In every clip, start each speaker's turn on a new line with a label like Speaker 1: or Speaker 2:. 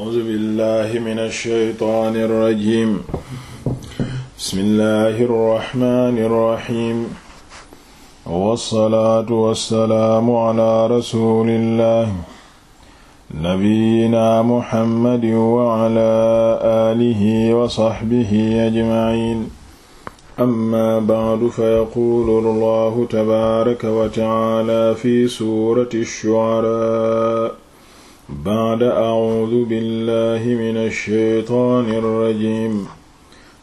Speaker 1: A'uuzu billahi mina shaytaani rajiim. Bismillahi rahmaani rahiim. Wassalaatu wassalaamu ala rasuulillahi. Nabiyyinaa Muhammadin wa ala aalihi wa sahbihi ajma'iin. Amma ba'du fayaquulu Allahu tabaaraka wa ta'aala fi suurati ash-shu'araa. baada acuudu billahi min alsheytaani alrajim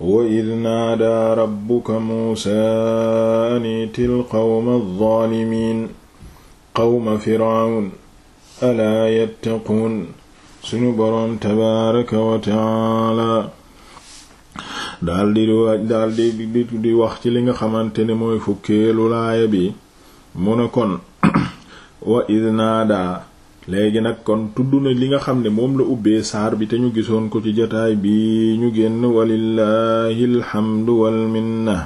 Speaker 1: wa id naadaa rabbuka muusaa an iti alqawma aldaalimiin qawma fircawn alaa yattaquun suñu boroom tabaaraka wa tacaala daldi daldi di wax ci li nga xamante ne mooy fukkeelu laaya bi mu ne kon wa id naadaa léegi nag kon tudd na li nga xam ne moom la ubbee saar bi te ñu gisoon ko ci jataay bi ñu génn walillahi alhamdu wal minna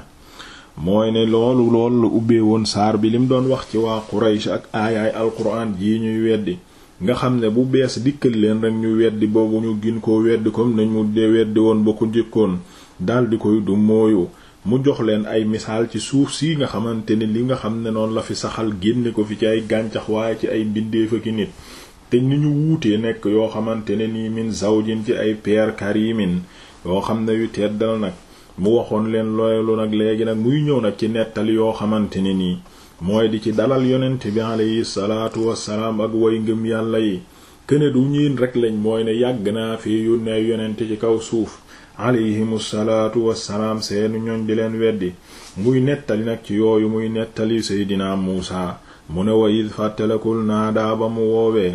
Speaker 1: mooy ne loolu loolu la ubbee woon saar bi lim doon wax ci waa Quraysh ak aayaay alquran jii ñuy weddi nga xam ne bu bees dikkal leen rek ñu weddi boobu ñu gin ko weddi ko nañ mu dee weddi woon ba ko jëkkoon daldi koy du mooyu mu jox leen ay misaal ci suuf si nga xamante ne li nga xam ne noonu la fi saxal génne ko fi ci ay gàncax waaye ci ay mbindeef ak nit te ni ñu wuutee nekk yoo xamante ne nii min zawjin ci ay peer karimin yoo xam ne yu teddal nag mu waxoon leen loolu nag léegi nag muy ñëw nag ci nettali yoo xamante ne nii mooy di ci dalal yonent bi alayhi salaatu wassalaam ak way ngëm yàlla yi këne du ñiin rek lañ mooy ne yàgg naa fi yónnee yonent ci kaw suuf alayhimu salaatu wassalaam seenu ñoñ di leen weddi muy nettali nag ci yooyu muy nettali seydinaa muusa mu ne wa id fàttalakul naadaa ba mu woowee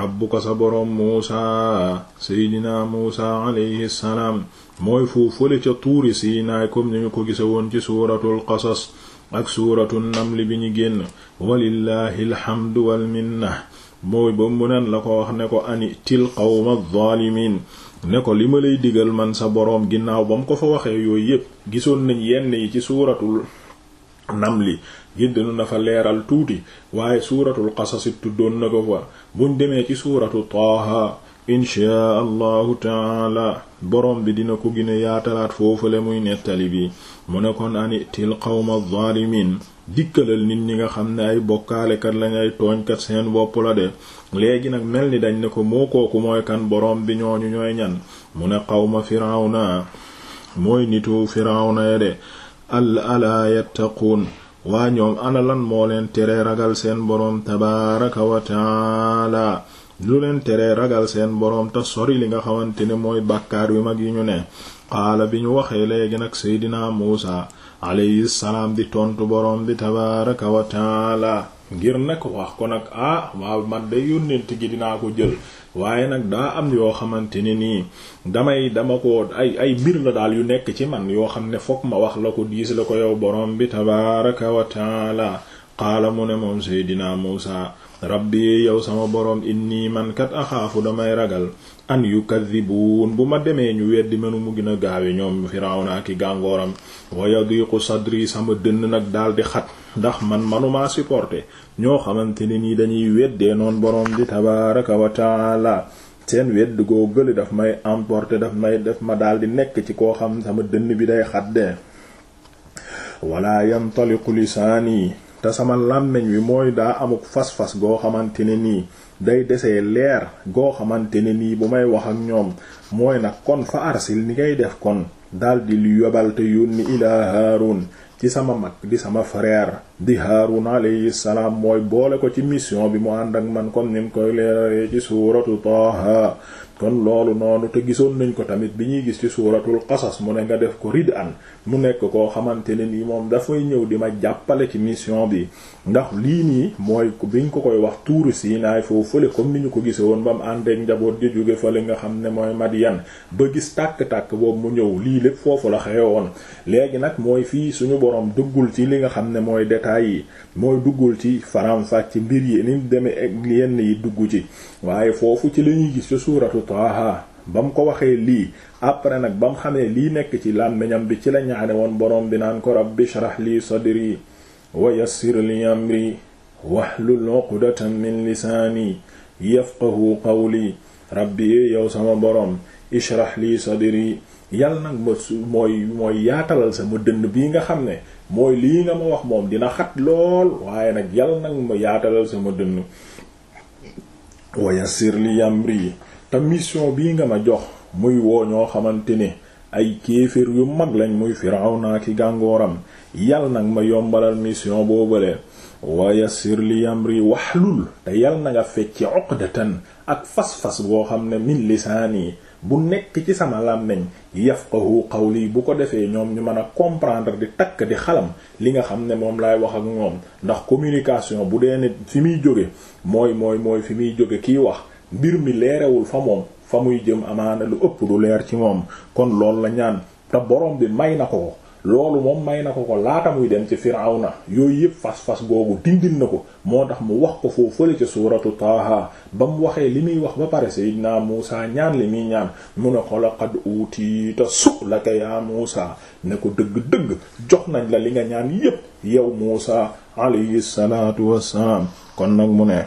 Speaker 1: rabbuka sa boroom muusa seydinaa muusa alayhi salaam mooy foofale ca tuuri siinaay comme ni ñu ko gise woon ci suuratul qasas ak suuratu namli bi ñu génn walillahi alhamdu wal minna mooy ba mu neen la ko wax ne ko ani til qawma zalimin ne ko li ma lay digal man sa boroom ginnaaw ba mu ko fa waxee yooyu yépp gisoon nañ yenn yi ci suuratul namli giddanu na fa leeral tuuti waaye suuratul qasasi tuddoon na ko fa buñ demee ci suuratu taaha inchaa allahu taala boroom bi dina ko gine yaatalaat foofale muy nettali bi mu ne kon ani til qawma zalimin dikkalal nit ñi nga xam ne ay bokkaalekat la ngay tooñkat seen bopp la de léegi nag mel ni dañ ne ko moo kooku mooy kan boroom bi ñu ñooy ñan mu ne xawma firawna mooy nitu firawna de al alaa yattaquun waa ñoom ana lan moo leen tere ragal seen boroom tabaaraka wa taala lu leen tere ragal seen boroom te sori li nga xamante ne mooy bàkkaar wi mag yi ñu ne qaala bi ñu waxee léegi nag seydinaa muusa alayhi salaam di tontu boroom bi tabaaraka wa taala ngir nag wax ko nag ah waaw man de yónnent gi dinaa ko jël waaye nag daa am yoo xamante ne nii damay dama ko ay ay mbir la daal yu nekk ci man yoo xam ne fokk ma wax la ko diis la ko yow boroom bi tabaaraka wa taala qaala mu ne moom seydinaa muusa rabbi yow sama boroom inni nii kat axaafu damay ragal an yukadhibuun bu ma demee ñu weddi mënu mu gën a gaawe ñoom Firawna ak i gàngooram wa yadiqu sadri sama dënn nag dal di xat ndax man manuma supporter ñoo xamante ne nii dañuy weddee noon boroom di tabaaraka wa taala seen wedd goo gële daf may emporter daf may def ma daal di nekk ci koo xam sama dënn bi day xat de wala yantaliqu lisaani te sama làmmiñ wi mooy daa amuk fas-fas goo xamante nii day desee leer goo xamante ne nii bu may wax ak ñoom mooy nag kon fa arsil ni ngay def kon daldi lu yobal te yónni ilaa haarun ci sama mag di sama frère di haarun alayhi salaam mooy boole ko ci mission bi mu ànd ak man comme ni mu koy leeraree ci suuratu taaha kon loolu noonu te gisoon nañ ko tamit bi ñuy gis ci suuratul qasas mu ne nga def ko rid an mu nekk koo xamante ne nii moom dafay ñëw di ma jàppale ci mission bi ndax lii nii mooy biñ ko koy wax tuuru Sinaay foofu fële comme ni ñu ko gise woon ba mu ànd njaboot di jóge fële nga xam ne mooy Madiyan ba gis tàkk-tàkk boobu mu ñëw lii lépp foofu la xewoon léegi nag mooy fii suñu borom duggul ci li nga xam ne mooy détails yi mooy duggul ci faram ci mbir yi ni mu demee ak yenn yi dugg ci waaye foofu ci la ñuy gis ci suuratu Taaha ba mu ko waxee lii après nag ba mu xamee lii nekk ci làmmiñam bi ci la ñaane woon boroom bi naan ko rabbi shrah li sadri wa yassir li amri wahlul uqdatan min lisaani yafqahu qawli rabbi yow sama boroom ishrah li sadri nag ma su mooy mooy yaatalal sama dënn bii nga xam ne mooy lii nga ma wax moom dina xat lool waaye nag yàlla nag ma yaatalal sama dënn wayassir li amri te mission bii nga ma jox muy woo ñoo xamante ni ay kéeféer yu mag lañ muy Firawna ki gàngooram yal nag ma yombalal mission waaye wayassir li amri wahlul te yal na nga fecci uqdatan ak fas-fas boo xam ne min lisaani bu nekk ci sama làmmiñ yaf ko xaw lii bu ko defee ñoom ñu mën a comprendre di takk di xalam li nga xam ne moom laay wax ak ñoom ndax communication bu dee ne fi muy jóge mooy mooy mooy fi muy jóge kiy wax mbir mi leerewul fa moom fa muy jëm amaana lu ëpp du leer ci moom kon loolu la ñaan te borom bi may na ko ko loolu moom may na ko ko laata muy dem ci Firawna yooyu yëpp fas-fas googu dindil na ko moo tax mu wax ko foofu fële ca suuratu Taaha ba mu waxee li muy wax ba pare Seydina Muusa ñaan li muy ñaan mu ne ko laqad uutiita su'laka yaa Muusa ne ko dëgg-dëgg jox nañ la li nga ñaan yëpp yow Muusa alayhi salaatu wassalaam kon nag mu ne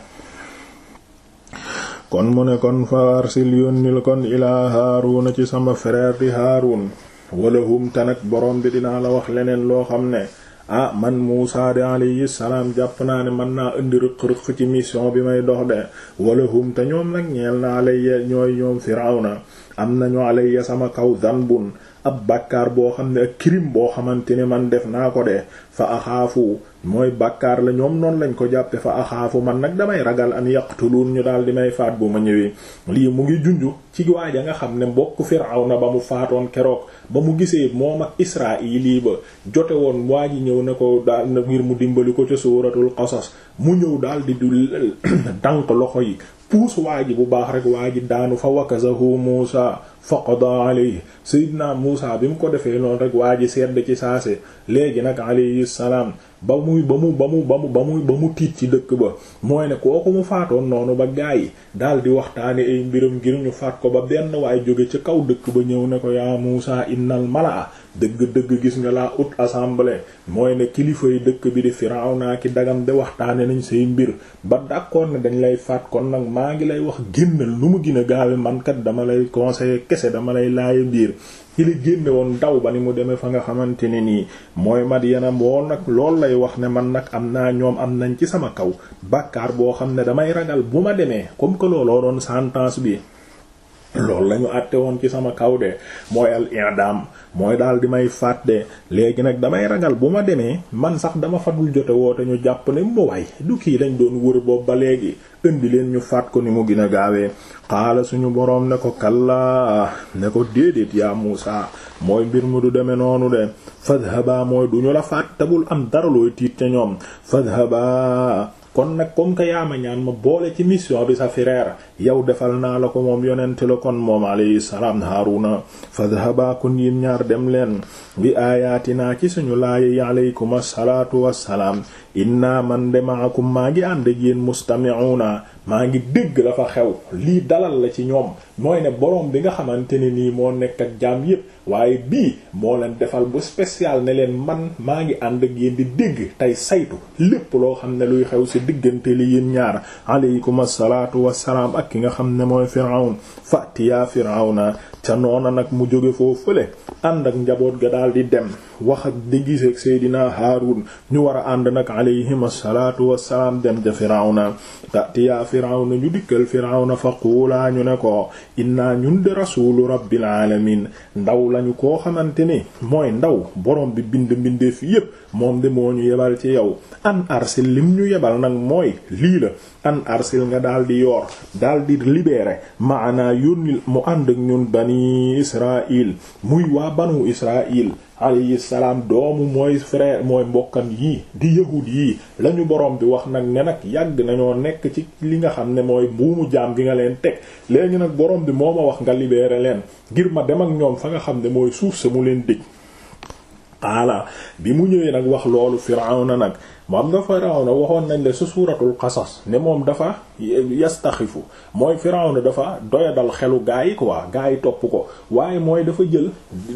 Speaker 1: kon mu ne kon fa arsil yónnil kon ilaa Haaruna ci sama frère di Haarun wala hum nag borom bi dinaa la wax leneen loo xam ne ah man Muusaa de alayhi salaam jàpp naa ne man naa indi rëq-rëq ci mission bi may dox de wala hum te ñoom nag ñeel naa lay ñooy ñoom Firawna am nañu alayya sama kaw zanbun ab bàkkaar boo xam ne ak crime boo xamante ne man def naa ko de fa axaafu mooy bàkkaar la ñoom noonu lañ ko jàppe fa axaafu man nag damay ragal an yaqtuluun ñu daal di may faat bu ma ñëwee lii mu ngi junj ci waaja nga xam ne mbokk na ba mu faatoon keroog ba mu gisee moom ak Israayili ba jote woon waa ji ñëw ne ko daal na ngir mu dimbali ko ca suuratul qasas mu ñëw daal di du dànk loxo yi puus waa ji bu baax rek waa ji daanu fa wakazahu Muusa faqada alayhi sayyidina Muusa bi mu ko defee noonu rek waa ji sedd ci saase léegi nag alayhi salaam ba muy ba mu ba mu ba mu ba muy ba mu tiit ci dëkk ba mooy ne kooku mu faatoon noonu ba gaa yi daal di waxtaane ay mbiram ngir ñu faat ko ba benn waay jóge ca kaw dëkk ba ñëw ne ko yaa Muusa innal malaa dëgg-dëgg gis nga laa haute assemblée mooy ne kilifa yi dëkk bi di naa ki dagam de waxtaane nañu say mbir ba d'accord ne dañu lay faat kon nag maa ngi lay wax génnal lu mu gën a gaawe mankat dama lay conseiller kese dama lay laaya biir ci li génne daw ba ni mu demee fa nga xamante ne nii mooy mat Madyana moo nag loolu lay wax ne man nag am naa ñoom am nañ ci sama kaw bàkkaar boo xam ne damay ragal bu ma demee comme que looloo doon sentence bi loolu lañu àtte woon ci sama kaw de mooy al i'dam mooy daal di may faat de léegi nag damay ragal bu ma demee man sax dama fadul jote woote ñu jàpp ne mu waay du kii lañ doon wër boobu ba léegi indi leen ñu faat ko ni mu gën a gaawee xaala suñu boroom ne ko kallaa ne ko déedéet yaa Muusaa mooy mbir mu du demee noonu de fadhaba mooy du ñu la faat tabul am dara looy tiit ca ñoom fadhaba kon nag comme que yaa ma ñaan ma boole ci mission bi sa frère yow defal naa la ko moom yonent la kon moom alayhi salaam Haaruna fadhaba kon yiin ñaar dem leen bi naa ci suñu laaya yi aleykum assalaatu wassalaam inna man demaakum maa ngi ànd ak yéen mustami'una maa ngi dégg dafa xew lii dalal la ci ñoom mooy ne boroom bi nga xamante ne nii moo nekk ak jaam yépp waaye bii moo leen defal bu spécial ne leen man maa ngi ànd ak yéen di dégg tey saytu lépp loo xam ne luy xew si diggante li yéen ñaar aleykum wa wassalaam ak ki nga xam ne mooy firawn fatiyaa firawna ca noona nag mu jóge foo fële ànd ak njaboot ga daal di dem wax ak di gise ak seydinaa haarun ñu war a ànd nag alayhim wa wassalaam dem ja firawna fatiyaa firawna ñu dikkal firawna fa quulaa ñu ne ko inna ñun de rasuulu rabbil alamin ndaw lañu koo xamante ni mooy ndaw borom bi bind mbindeef yépp moom de moo ñu yebal ci yow an arsil lim ñu yebal nag mooy lii la an arsil nga daal di yoor daal di libérer maanaa yónnil mu ànd ak ñun bani israil muy waa banu israil alayhi salaam doomu mooy frère mooy mbokkan yii di yahud yii lañu boroom bi wax nag ne nag yàgg nañoo nekk ci li nga xam ne mooy buumu jaam gi nga leen teg léegi nag borom bi moo ma wax nga libeere leen ngir ma dem ak ñoom fa nga xam ne mooy suuf sa mu leen dëj qaala bi mu ñëwee nag wax loolu Firawna nag moom nga Firawna waxoon nañ la su suuratul qasas ne moom dafa yastaxifu mooy Firawna dafa doyadal xelu gaa yi waa gaa yi topp ko waaye mooy dafa jël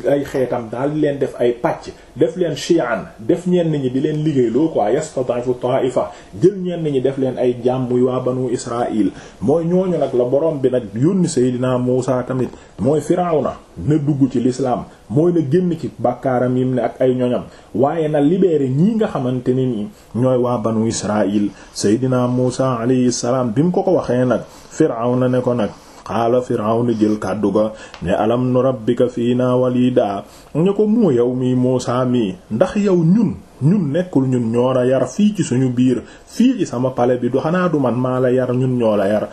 Speaker 1: ay xeetam daal di leen def ay pàcc def leen chian def ñenn ñi di leen liggéeyloo quoi yastadifu taifa jël ñenn ñi def leen ay jaam muy waa banu Israil mooy ñooñu nag la borom bi nag yónni Seydina Muusa tamit mooy Firawna na dugg ci lislaam mooy na génn ci bàkkaaram yim ne ak ay ñoñam waaye na libéré ñii nga xamante ni ñooy waa banu Israil Seydina Muusa bi mu ko ko waxee nag Firawna ne ko nag xaala Firawna jël kàddu ga ne alam nu rabbika fii naa walidaa ñu ko mu yow mi Muusaa mi ndax yow ñun ñun nekkul ñun ñoo la yar fii ci suñu biir fii ci sama pale bi du xanaa du man maa la yar ñun ñoo la yar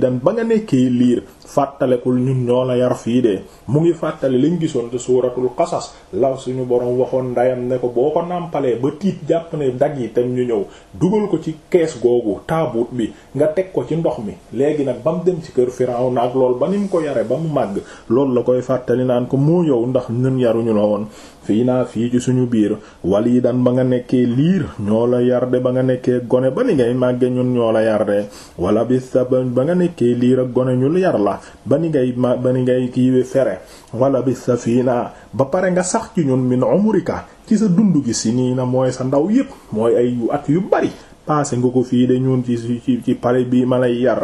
Speaker 1: dam ba nga nekkee liir fàttalekul ñun ñoo la yar fii de mu ngi fàttali lañ gisoon te suuratul qasas la suñu borom waxoon ndayam ne ko boo ko nàmpalee ba tiit jàpp ne dag yi te ñu ñëw dugal ko ci kees googu taabuut bi nga teg ko ci ndox mi léegi nag ba dem ci kër firaaw na ak lool ba ni ko yare ba mu màgg loolu la koy fàttali naan ko moo yow ndax yaruñu la woon fii naa fii ci suñu biir yi walidan ba nga nekkee liir ñoo la yarde ba nga nekkee gone ba ni ngay màgge ñun ñoo la yarde wala bis sa ba nga nekkee liir ak gone ñu yar la ba ni ngay ma ba ni ngay kiiwe fere wala bi sa fii naa ba pare nga sax ci ñun min umrika ci sa dund gi si nii na mooy sa ndaw yépp mooy ay yu at yu bari passé nga ko fii de ñun ci ci ci pare bi ma lay yar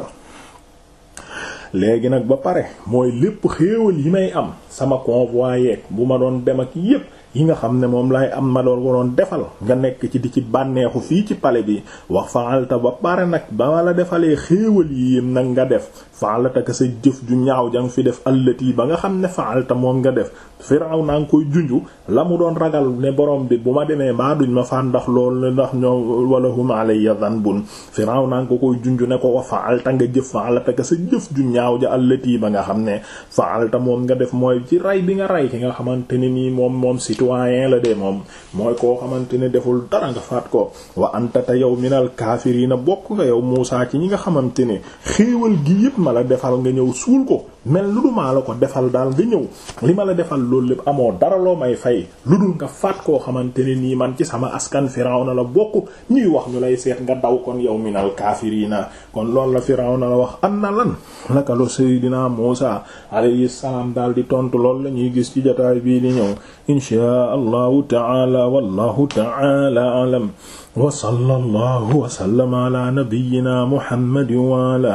Speaker 1: léegi nag ba pare mooy lépp xéewal yi may am sama convoi yeeg bu ma doon dem ak yépp yi nga xam ne moom lay am ma doon waroon defal nga nekk ci di ci bànneexu fii ci pale bi wax faalta ba pare nag ba ma la defalee xéewal yi yéen nag nga def faalta ka sa jëf ju ñaaw jang fi def allati ba nga xam ne faalta moom nga def firaw naa junju la mu doon ragal ne borom bi bu ma demee baa duñ ma faan ndax loolu ndax ñoom wala hum alayya dhanbun firaw naa ngi ko junju ne ko wa faalta nga jëf faalta ka jëf ju ñaaw ja allati ba nga xam ne faalta moom nga def mooy ci ray bi nga ray ki nga xamante ne nii moom moom si citoyen la de moom mooy koo xamante ne deful dara nga faat ko wa anta te yow minal kaafiriina bokk nga yow Muusaa ci ñi nga xamante ne xéewal gi yépp ma la defal nga ñëw suul ko mel lu du la ko defal daal nga ñëw li ma la defal loolu lépp amoo dara loo may fay lu dul nga faat koo xamante ne nii man ci sama askan Firawna la bokk ñuy wax ñu lay seet nga daw kon yow minal kaafiriina kon loolu la Firawna la wax am na lan naka la Seydina Muusa alayhi daal di tontu loolu lañuy gis ci jotaay bii di ñëw inshaa Allahu ta'ala wallahu ta'ala a'lam wa sallallahu wa sallama ala nabiyyina Muhammadin wa ala